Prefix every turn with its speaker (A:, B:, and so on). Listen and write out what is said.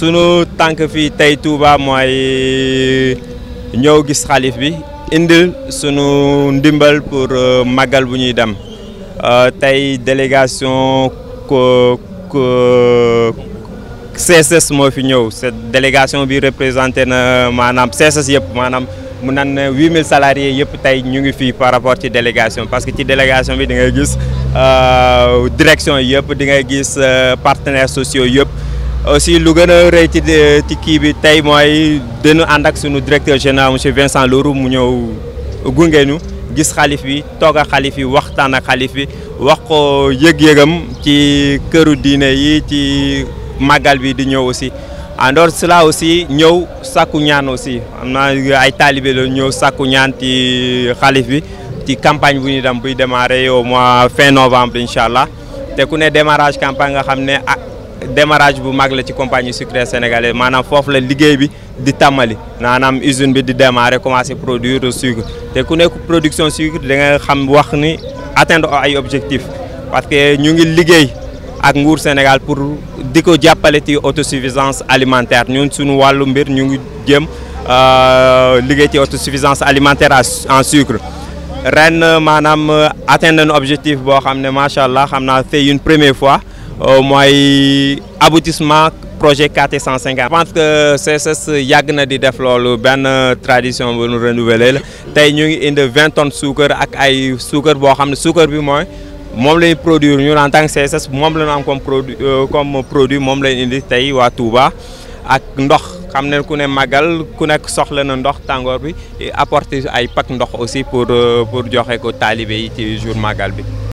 A: sunu tànk fii tey Touba mooy ñëw gis xalif bi indil sunu ndimbal pour euh, màggal bu ñuy dem euh, tey délégation ko ko CSS moo fi ñëw cette délégation bi représenté na maanaam CSS yëpp maanaam mu nan ne huit mille salariés yëpp tey ñu ngi fii par rapport ci délégation parce que ci délégation bi di ngay gis euh, direction yëpp di ngay gis partenaire sociaux yëpp. aussi lu gën a rëy ci euh, ci kii bi tey mooy dañu ànd ak sunu directeur général monsieur Vincent Leroux mu ñëw gunge ñu gis xalif bi toog a xalif bi waxtaan ak xalif bi wax ko yëg-yëgam ci këru diine yi ci màggal bi di ñëw aussi en dehors cela aussi ñëw sàkku ñaan aussi am na ay taalibe la ñëw sàkku ñaan ci xalif bi ci campagne bu ñu dem buy démarrer au mois fin novembre incha allah te ku ne démarrage campagne nga xam ne ah, démarrage bu mag la ci compagnie sucrière sénégalaise maanaam foofu la liggéey bi di tàmmali maanaam usine bi di démarrer commencé produire sucre te ku nekk production sucre da nga xam wax ni atteindre ay objectif parce que ñu ngi liggéey ak nguur Sénégal pour di ko jàppale ci autosuffisance alimentaire ñu suñu wàllu mbir ñu ngi jëm euh, liggéey ci autosuffisance alimentaire en sucre ren maanaam atteindre na objectif boo xam ne macha allah xam naa c'est une premier fois. Euh, mooy aboutissement projet 450. je pense que CSS yàgg na di def loolu benn tradition bu ñu renouveler la tey ñu ngi indi vingt tonnes suukar ak ay suukar boo xam ne suukar bi mooy moom lay produit ñun en tant que moom la ñu am comme euh, produit comme moom lay indi tey waa Touba ak ndox. xam ne ku ne màggal ku nekk soxla na ndox tàngoor bi apporter ay pack ndox aussi pour euh, pour joxe ko taalibe yi ci jour màggal bi